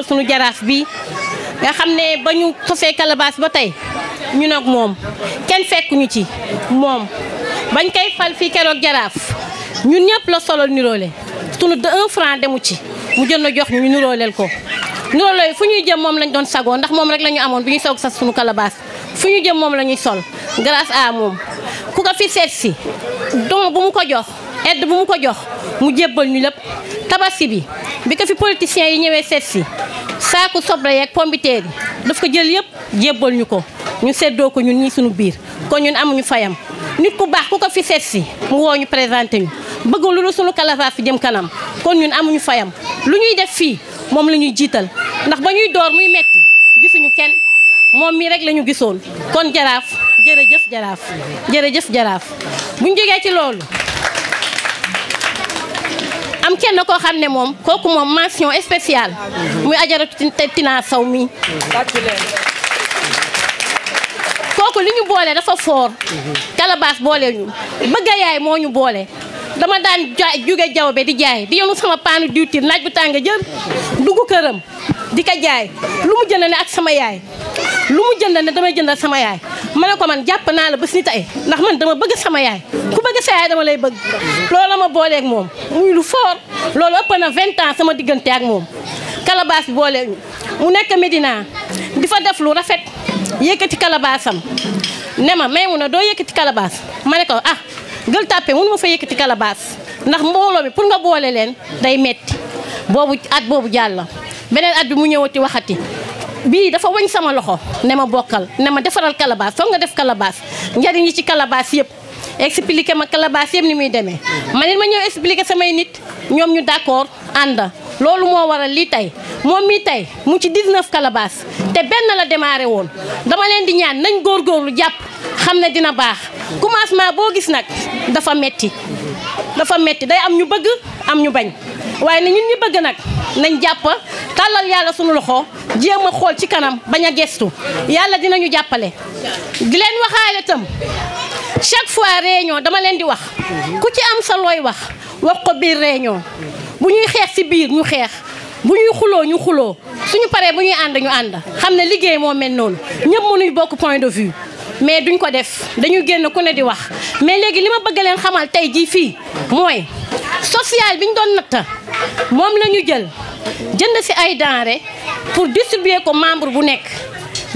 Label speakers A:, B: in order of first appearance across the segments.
A: defal suñu jaraaf bi nga xam ne ba ñu sosee kalabaas ba tey ñu nag moom kenn fekkuñu ci moom bañ koy fal fii keroog jaraaf ñun ñëpp la solo niroole sunu un franc demu ci mu jënd jox ñu ñu nirooleel ko niroole fu ñuy jëm moom lañ doon sagoo ndax moom rek lañu amoon bu ñuy soog sax suñu kalabaas fu ñu jëm moom la ñuy sol grâce à moom ku ko fi seet si donc bu mu ko jox edd bu mu ko jox mu jébbal ñu lépp tabaski bi bi ko fi politiciens yi ñëwee seet si saaku soble yeeg pombiteer yi daf ko jël yëpp jébbal ñu ko ñu seddoo ko ñu ñi suñu biir kon ñu ñun amuñu fayam nit ku baax ku ko fi seet si mu woo ñu présenté ñu bëgg lu lu suñu Calafas fi jëm kanam kon ñun amuñu fayam lu ñuy def fii moom la ñuy jiital ndax ba ñuy door muy metti gisuñu kenn moom mii rek la ñu gisoon kon jaraaf jërëjëf jaraaf jërëjëf jaraaf buñ jógee ci loolu am kenn koo xam ne moom kooku moom mention spéciale muy ajaratu Tina Sow mi kooku li ñu boole dafa foor kalabaas boole ñu bëgg yaay moo ñu boole dama daan jóge jawbe di jaay di yenu sama paanu diwtiir naaj bu tàng jël dugg këram di ko jaay lu mu jënd ne ak sama yaay lu jënd ne damay jëndal sama yaay ma ne ko man jàpp naa la ba si ay ndax man dama bëgg sama yaay ku bëgg sa yaay dama lay bëgg loolu la ma booleek moom muy lu fort loolu ëpp na vingt ans sama diggante ak moom kalabaas bi boole mu nekk Médina di fa def lu rafet yëkkati kalabaasam ne ma may mu ne doo yëkkati kalabaas ma ne ko ah gël tàppe mënu ma fa yëkkati kalabaas ndax mbooloo mi pour nga boole leen day metti boobu at boobu jàll beneen at bi mu ñëwati waxati bii dafa wañ sama loxo ne ma bokkal ne ma defaral calebasse foog nga def calebasse njariñ yi ci calebasse yëpp expliqué ma calebasse yëpp ni muy demee ma ne ma ñëw expliqué samay nit ñoom ñu d'accord ànd loolu moo waral lii tey moom mii tey mu ci 19 calebasse te benn la démarré woon dama leen di ñaan nañ góor góorgóorlu jàpp xam ne dina baax commencement boo gis nag dafa metti dafa metti day am ñu bëgg am ñu bañ waaye ne ñun ñi nag nañ jàpp tàllal yàlla sunu loxo jéem a xool ci kanam bañ a gestu yàlla dinañu jàppale. di leen waxaale itam chaque fois réunion dama leen di wax ku ci am sa looy wax wax ko biir réunion bu ñuy xeex si biir ñu xeex. bu ñuy xuloo ñu xuloo suñu paree bu ñuy ànd ñu ànd xam ne liggéey moo mel noonu ñëpp mënuñ bokk point de vue mais duñ ko def dañuy génn ku ne di wax mais léegi li ma bëgg leen xamal tey jii fii mooy social bi ñu doon natta moom la ñu jël jënd si ay denrées pour distribuer ko membre bu nekk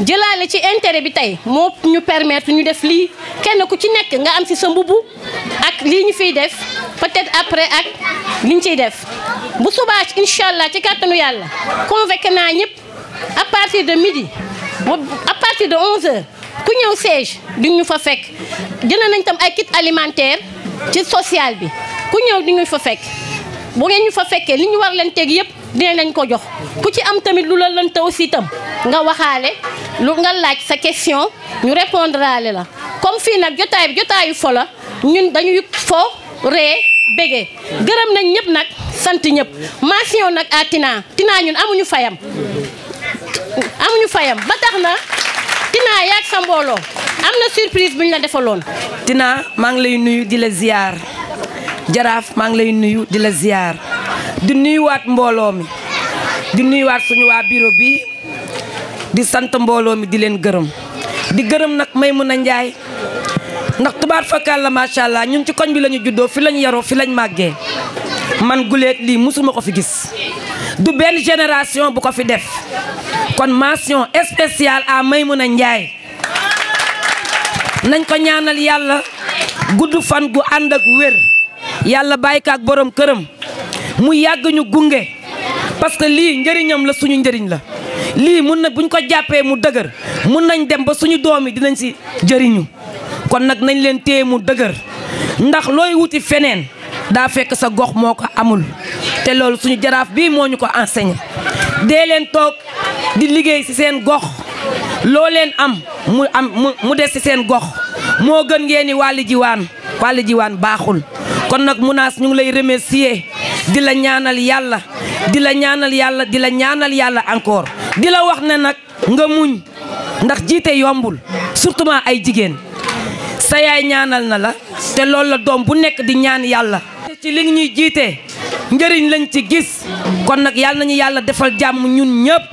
A: jëlaale ci intérêt bi tey moo ñu permettre ñu def lii kenn ku ci nekk nga am si sa mbubu ak lii ñu fiy def peut-être après ak liñ ciy def bu subaa incha allah ci kàttanu yàlla convoqué naa ñëpp à partir de midi à partir de 11h ku ñëw siège di ñu fa fekk jënd nañ tam ay kit alimentaire ci sociale bi. ku ñëw di ñu fa fekk boo ngeen ñu fa fekkee li ñu war leen teg yëpp dinañ leen ko jox ku ci am tamit lu la leen taw si itam nga waxaale lu nga laaj sa question ñu répondraale la comme fii nag jotaay bi jotaayu fo la ñun dañuy fo ree bégee gërëm nañ ñëpp nag sant ñëpp mention nag à Tina Tina ñun amuñu fayam amuñu fayam ba tax na Tina yaag sa mbooloo am na surprise bu ñu la defaloon Tina maa ngi lay nuyu di
B: la ziar Jaraf ma ngi lay nuyu di la ziar di wat mbolo mi di wat suñu wa biro bi di sante mbolo mi di len gërëm di gërëm nak Maymuna Njaay ndax tubar fakkaal la sha allah ñun ci koñ bi lañu juddo fi lañ yaro fi lañ màggee man guleet li musuma ko fi gis du benn génération bu ko fi def kon mention spéciale à Maymuna Njaay nañ ko ñaanal yalla gudd fan gu ànd ak yàlla bàyyi ko borom këram mu yàgg ñu gunge parce que lii njëriñam la suñu njëriñ la lii mun na buñ ko jàppee mu dëgër mun nañ dem ba suñu doom yi dinañ si jëriñu kon nag nañ leen téye mu dëgër ndax looy wuti feneen daa fekk sa gox moo ko amul te loolu suñu jaraaf bii moo ñu ko enseigné dee leen toog di liggéey si seen gox loo leen am mu am mu des si seen gox moo gën ngeen ni wàlli jiwaan wàlli jiwaan baaxul kon nak munas ñu ngi lay remercier di la ñaanal yalla di la ñaanal yalla di la ñaanal yalla encore di la wax ne nak nga muñ ndax jité yombul surtout ma ay jigen sa yaay ñaanal na la te lool la dom bu nekk di ñaan yalla ci li ñuy jité lañ ci gis kon nak yalla nañu yalla defal jamm ñun ñëpp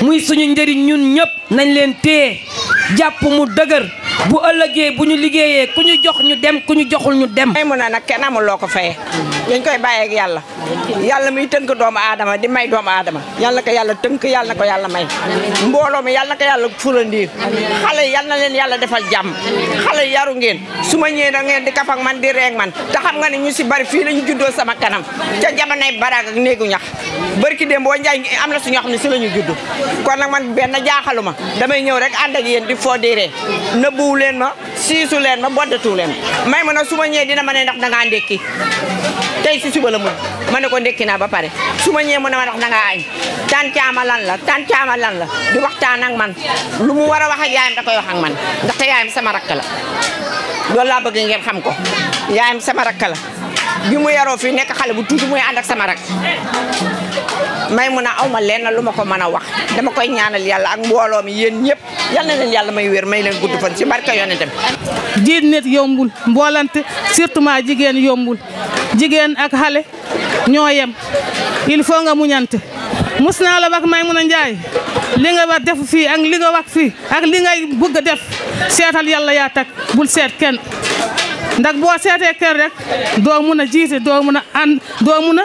B: muy suñu njëriñ ñun ñëpp nañ leen
C: japp mu dëgër bu ëllëgé bu ñu liggéeyee ku ñu jox ñu dem ku ñu joxul ñu dem. may mëna nak nag kenn amul loo ko fayee dañ koy bayé ak yalla yalla muy teunk doom aadama di may doom aadama yalla ka yalla teunk yalla ko yalla may mbolo mi yalla ka yalla fulandiir xalé yalla leen yalla defal jàmm xalé yaru ngeen suma ma da ngeen di kaf ak man di reeg man ta xam nga ni ñu ci bari fi lañu juddo sama kanam ca jamonoy barak ak neegu ñax barki dem bo ñay amna suñu xamni ci lañu juddo kon nak man ben jaaxaluma damay ñëw rek and ak yeen di foo di nebu sanguwu ma siisu leen ma boddatu leen ma may ma nag su ma ñëwee dina ma ne ndax dangaa ndékki tey si suba la mujj ma ne ko ndékki naa ba pare su ma ñëwee mu ne ma ndax dangaa añ tan caama lan la tan caama lan la di waxtaan ak man lu mu war a wax ak yaayam da koy man ak man ndaxte yaayam sama rakk la loolu laa bëgg ngeen xam ko yaayam sama rakk la bi mu yaroo fii nekk xale bu tuuti muy ànd ak sama rak may mu na aw ma lenn lu ma ko mën a wax dama koy ñaanal yàlla ak mbooloo mi yéen ñëpp yal na yàlla may wér may leen gudd fan ci barke yonent bi jiit nit yombul mboolante
D: surtout ma jigéen yombul jigéen ak xale ñoo yem il faut nga muñante mus naa la wax may mun a njaay li nga def fii ak li nga wax fii ak li ngay bëgg a def seetal yàlla yaa tag bul seet kenn ndax boo seetee ker rek doo mun a jiite doo mun a ànd doo mun a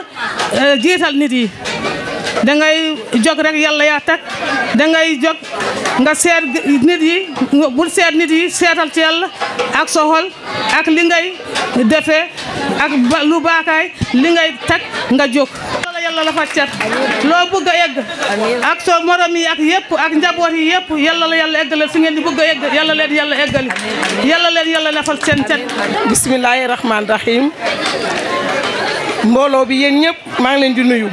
D: eh, jiital nit yi da ngay jóg rek yàlla yaa teg dangay ngay nga seet nit yi bul seet nit yi seetal ci yàlla ak soxol ak li ngay defee ak lu baakaay li ngay teg nga jóg yalla la faccat lo bëgg yegg ak so morom yi ak yépp ak njaboot yi yépp yalla la yalla eggal fi ngeen di bëgg yegg yalla leen yalla eggal yalla leen yalla nafal seen cet bismillahir rahmanir rahim mbolo bi yeen ñëpp ma ngi leen di nuyu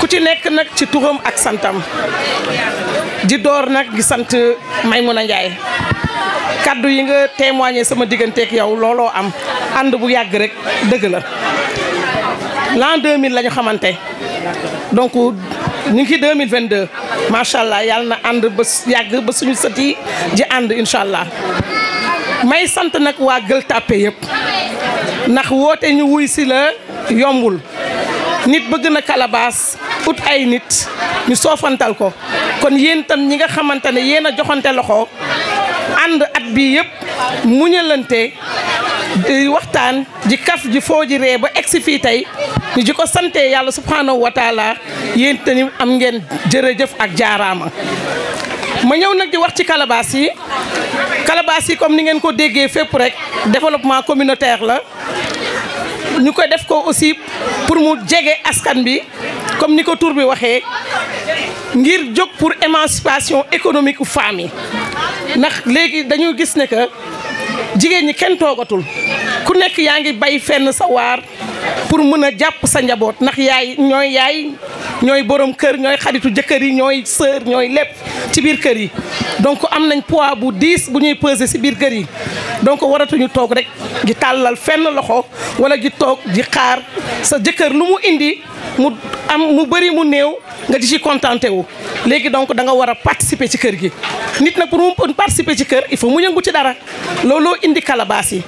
D: ku ci nekk nak ci turam ak santam di door nak gi sante maymuna ndjay kaddu yi nga témoigner sama digënté ak yow lolo am and bu yàgg rek deug la l'an 2000 la ñu xamante donc ñu ngi ci 2022 macha allah yàlla na ànd ba yàgg ba suñu sët yi ji ànd incha allah may sant nag waa Gueule Tapée yëpp ndax woote ñu wuy si la yombul nit bëgg na kalabaas ut ay nit ñu soofantal ko kon yéen tam ñi nga xamante ne yéen a joxante loxo ànd at bi yëpp muñalante di waxtaan ji kaf ji foo ji ree ba egsi fii tey di ko santee yàlla subhaanahu wa taala yéen am ngeen jërëjëf ak jaaraama ma ñëw nag di wax ci calebasse yi calebasse yi comme ni ngeen ko déggee fépp rek développement communautaire la ñu koy def ko aussi pour mu jege askan bi comme ni ko tur bi waxee ngir jóg pour émancipation économique femmes yi ndax léegi dañu gis ne que jigéen ñi kenn toogatul ku nekk yaa ngi bay fenn sa waar pour mën a jàpp sa njaboot ndax yaay ñooy yaay ñooy borom kër ñooy xaritu jëkkër yi ñooy sœur ñooy lépp ci biir kër yi donc am nañ poids bu diis bu ñuy peser si biir kër yi donc waratuñu toog rek di tàllal fenn loxo wala ji toog ji xaar sa jëkkër lu mu indi mu am mu bëri mu néew nga di ci contenté wu léegi donc da nga war a participer ci kër gi nit na pour mu participer ci kër il faut mu yëngu ci dara looloo indi kalabaas yi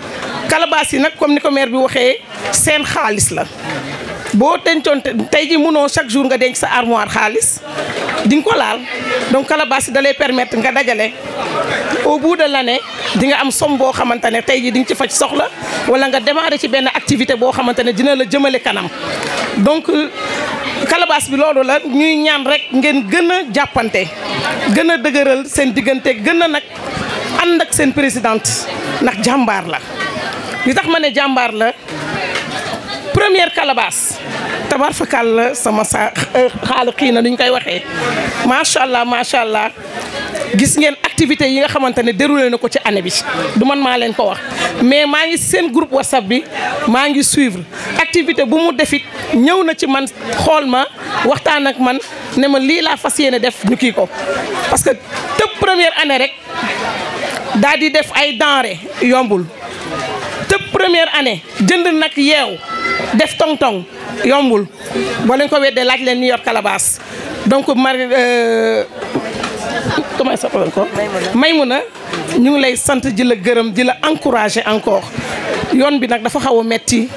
D: kalabaas yi nag comme ni ko maire bi waxee seen xaalis la boo dencoon tey ji munoo chaque jour nga denc sa armoire xaalis di nga ko laal donc calebasse yi da lay permettre nga dajale au bout de l'année di nga am somme boo xamante ne tey jii di nga ci faj soxla wala nga démarrer ci benn activité boo xamante ne dina la jëmale kanam donc calebasse bi loolu la ñuy ñaan rek ngeen gën a jàppante gën a dëgëral seen diggante gën a nag and ak seen présidente ndax jàmbaar la li tax ma ne jàmbaar la première calebasse tabar fakal la sama sa euh, xaalu xii na duñ koy waxee macha allah macha allah gis ngeen activité yi nga xamante ne déroulé na ko ci année bi du man maa leen ko wax mais maa ngi seen groupe whatsapp bi maa ngi suivre activité bu mu defit ñëw na ci man xool ma waxtaan ak man ne ma lii laa fas yéene def ñu kii ko parce que tëb première année rek daal di def ay denre yombul tëb première année jënd nag yeew def tong-tong yombul boo leen ko weddee laaj leen ñu yor calebasse donc mari euh, comment ça ñu ngi lay sant di la gërëm di la encourager encore yoon bi nag dafa xaw a metti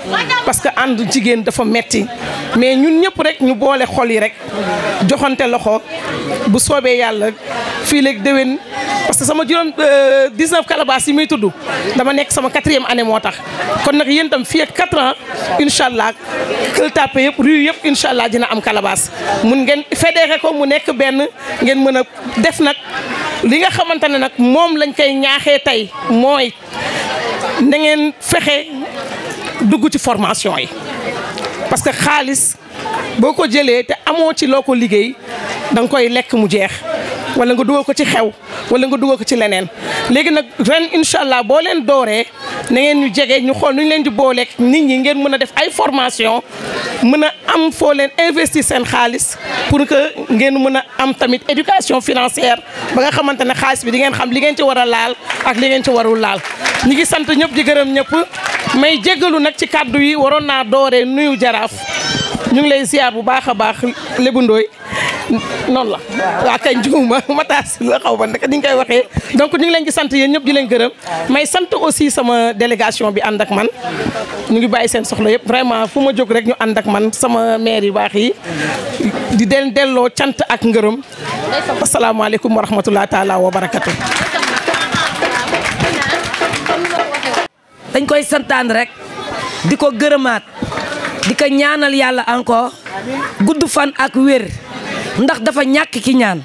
D: parce que andu jigen dafa metti mais ñun ñëpp rek ñu boole xol yi rek joxante loxo bu soobee yàlla fii léegi déwén parce que sama juróom 19 euh, calabas yi muy tudd dama nekk sama quatrième année moo tax kon nag yéen tam fii ak 4 ans incha allah kël tàppe rue yëpp incha allah dina am calabas mun ngeen fédéré ko mu nekk ben, ngeen mën def nag. li nga xamante ne nag moom lañ koy ñaaxee tey mooy na ngeen fexe dugg ci formation yi parce que xaalis boo ko jëlee te amoo ci loo ko liggéey da nga koy lekk mu jeex. wala nga dugal ko ci xew wala nga dugal ko ci leneen léegi nag ren incha allah boo leen dooree na ngeen ñu jege ñu xool nu ñu leen di booleek nit ñi ngeen mën a def ay formation mën a am foo leen investir seen xaalis pour que ngeen mën a am tamit éducation financière ba nga xamante ne xaalis bi di ngeen xam li ngeen ci war a laal ak li ci warul laal ñi ngi sant ñëpp di gërëm ñëpp may jéggalu nag ci kàddu yi waroon naa dooree nuyu jaraaf ñu ngi lay ziar bu baax a baax Lébu Ndooy non la waaw kañ juuma mataas la xaw ma naka ni ngay waxe donc ni ngi len di sante yeen ñep di len gëreum may sante aussi sama délégation bi ànd ak man ñu ngi bàyyi seen soxla yeb vraiment fuma jog rek ñu ànd ak man sama maire yi baax yi di del delo cant ak assalamu alaykum wa rahmatullahi taala wa
B: barakatuh dañ koy santane rek di ko diko di ñaanal yalla encore guddu fan ak wér ndax dafa ñàkk ki ñaan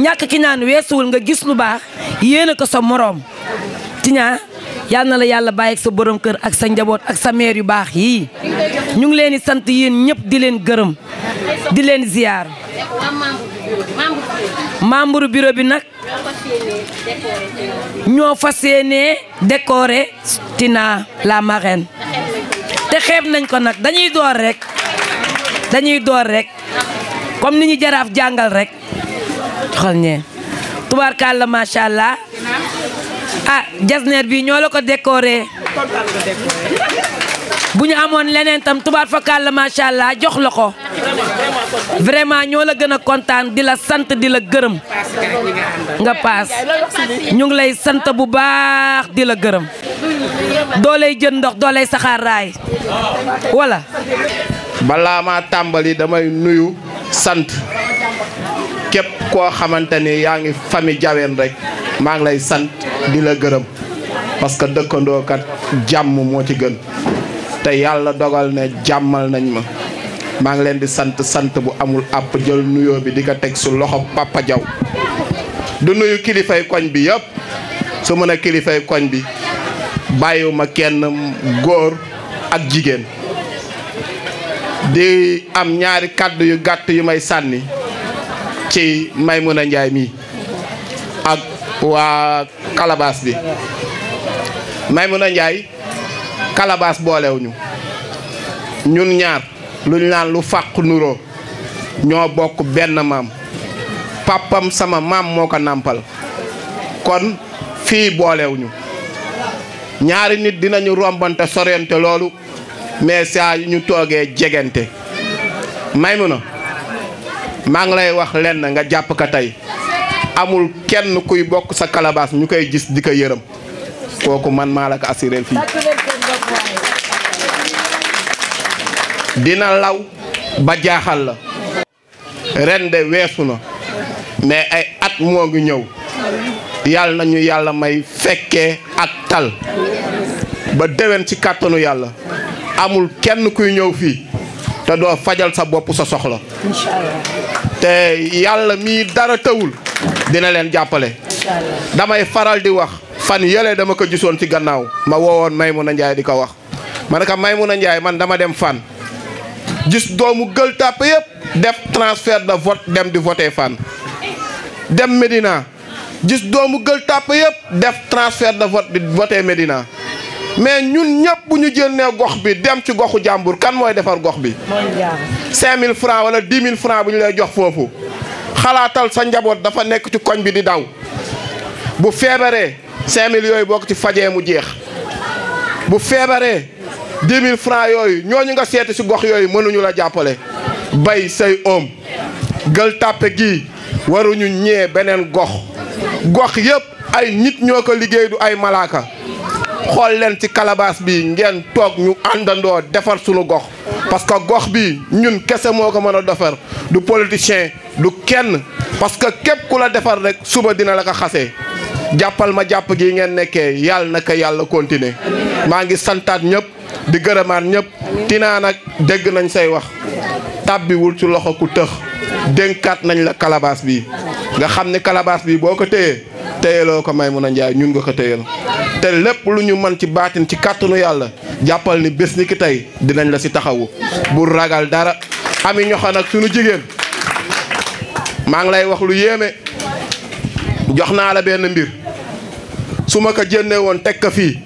B: ñàkk ki ñaan weesuwul nga gis lu baax yéene ko sa moroom tiñaa yal na la yàlla bàyyi sa borom kër ak sa njaboot ak sa meer yu baax yii ñu ngi leen di sant yéen ñëpp di leen gërëm di leen ziyaar membre bureau bi nag ñoo fas yéenee décorer Tina la marraine te xeeb nañ ko nag dañuy door rek dañuy door rek comme ni ñu jaraaf jàngal rek xool ñee tubaarkàlla macha allah ah jasneer bi ñoo la ko décoré bu ñu amoon leneen tam tubaar fakàlla macha allah jox la ko vraiment ñoo la gën a kontaan di la sant di la gërëm nga paas ñu ngi lay sant bu baax di la gërëm doo lay jën ndox doo lay saxaar raay wala
E: balaa maa tàmbali damay nuyu sant képp koo xamante ni yaa ngi famille Diawéne rek maa ngi lay sant di la gërëm parce que dëkkandoo kat jàmm moo ci gën te yàlla dogal ne jàmmal nañ ma maa ngi leen di sant sant bu amul àpp jël nuyoo bi di ko teg su loxo Papa Diaw du nuyu kilifay koñ bi yëpp su mën a kilifay koñ bi bàyyiwuma kenn góor ak jigéen di am ñaari kàddu yu gàtt yu may sànni ci Maymuna Njaay mii ak waa Calabas bi Maymuna Njaay kalabaas boolewuñu ñun ñaar lu ñu naan lu fàq nuroo ñoo bokk benn maam pàppam sama maam moo ko nàmpal kon fii boolewuñu ñaari nit dinañu rombante sorente loolu mais saa yu ñu toogee jegante may Maymuna maa ngi lay wax lenn nga jàpp ka tey amul kenn kuy bokk sa kalabaas ñu koy gis di ko yërëm kooku man maa la ko assuré fii dina law ba jaaxal la ren de weesu na mais ay at moo ngi ñëw yàlla nañu yàlla may fekkee ak tal ba déwén ci kàttanu yàlla amul kenn kuy ñëw fii te doo fajal sa boppu sa soxla te yàlla mii dara tawul dina leen jàppale damay faral di wax fan yële dama ko gisoon ci gannaaw ma woowoon na Njaay di ko wax ma ne ko na Njaay man dama dem fan gis doomu gël tàppe yëpp def transfert de vote dem di voté fan dem Médina gis doomu gël tàppe yëpp def transfert de vote di voté Médina mais ñun ñëpp bu ñu jëndee gox bi dem ci goxu jàmbur kan mooy defar gox bi. cinq mille francs wala dix mille francs bu ñu lay jox foofu xalaatal sa njaboot dafa nekk ci koñ bi di daw bu feebaree cinq mille yooyu bokk ci fajee mu jeex bu feebaree dix mille francs yooyu ñooñu nga seeti si gox yooyu mënuñu la jàppale. bay say oom gël tàppe gi waruñu ñee beneen gox gox yëpp ay nit ñoo ko liggéey du ay malaaka. xool leen ci calebasse bi ngeen toog ñu àndandoo defar sunu gox parce que gox bi ñun kese moo ko mën a defar du politicien du kenn parce que képp ku la defar rekk suba dina la ko xasee jàppal ma jàpp gi ngeen nekkee yàlla na ko yàlla continuer maa ngi santaat ñëpp di gërëmaat ñëpp tinaa nag dégg nañ say wax tàbbiwul ci loxo ku tëx dénkat nañ la kalabaas bi nga xam ne kalabaas bii boo ko téyee téyeloo ko may mun a njaay ñun nga ko téyel te lépp lu ñu mën ci baatin ci kàttanu yàlla jàppal ni bés ni ki tey dinañ la ci taxawu bu ragal dara ami ñoxo nag sunu jigéen maa ngi lay wax lu yéeme jox naa la benn mbir su ma ko jëndee woon teg ko fii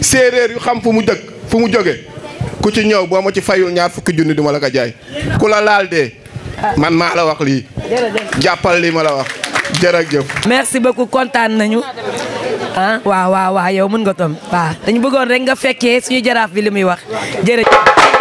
E: séeréer yu xam fu mu dëkk fu mu jóge ku ci ñëw boo ma ci fayul ñaar fukki junni duma la ko jaay ku la laal de man maa la wax lii jàppal lii ma la wax jërëjëf. merci beaucoup
B: kontaan nañu ah waaw waaw waaw yow mën nga tom waaw dañu bëggoon rek nga fekkee suñu jaraaf bi li muy wax jërëjëf.